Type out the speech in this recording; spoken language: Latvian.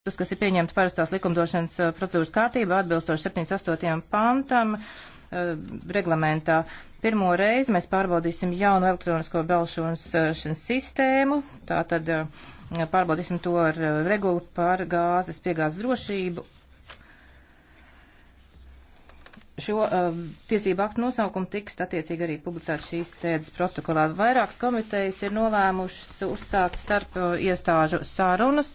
Tas, kas ir pieņemts parastās likumdošanas eh, procedūras kārtībā, atbilstoši 78. pantam eh, reglamentā. Pirmo reizi mēs pārbaudīsim jaunu elektronisko belšanas eh, sistēmu, tātad pārbaudīsim to ar regulu par gāzes piegāzes drošību. Šo uh, tiesību aktu nosaukumu tiks attiecīgi arī publicēt šīs sēdes protokolā. Vairākas komitejas ir nolēmušas uzsākt starp uh, iestāžu sarunas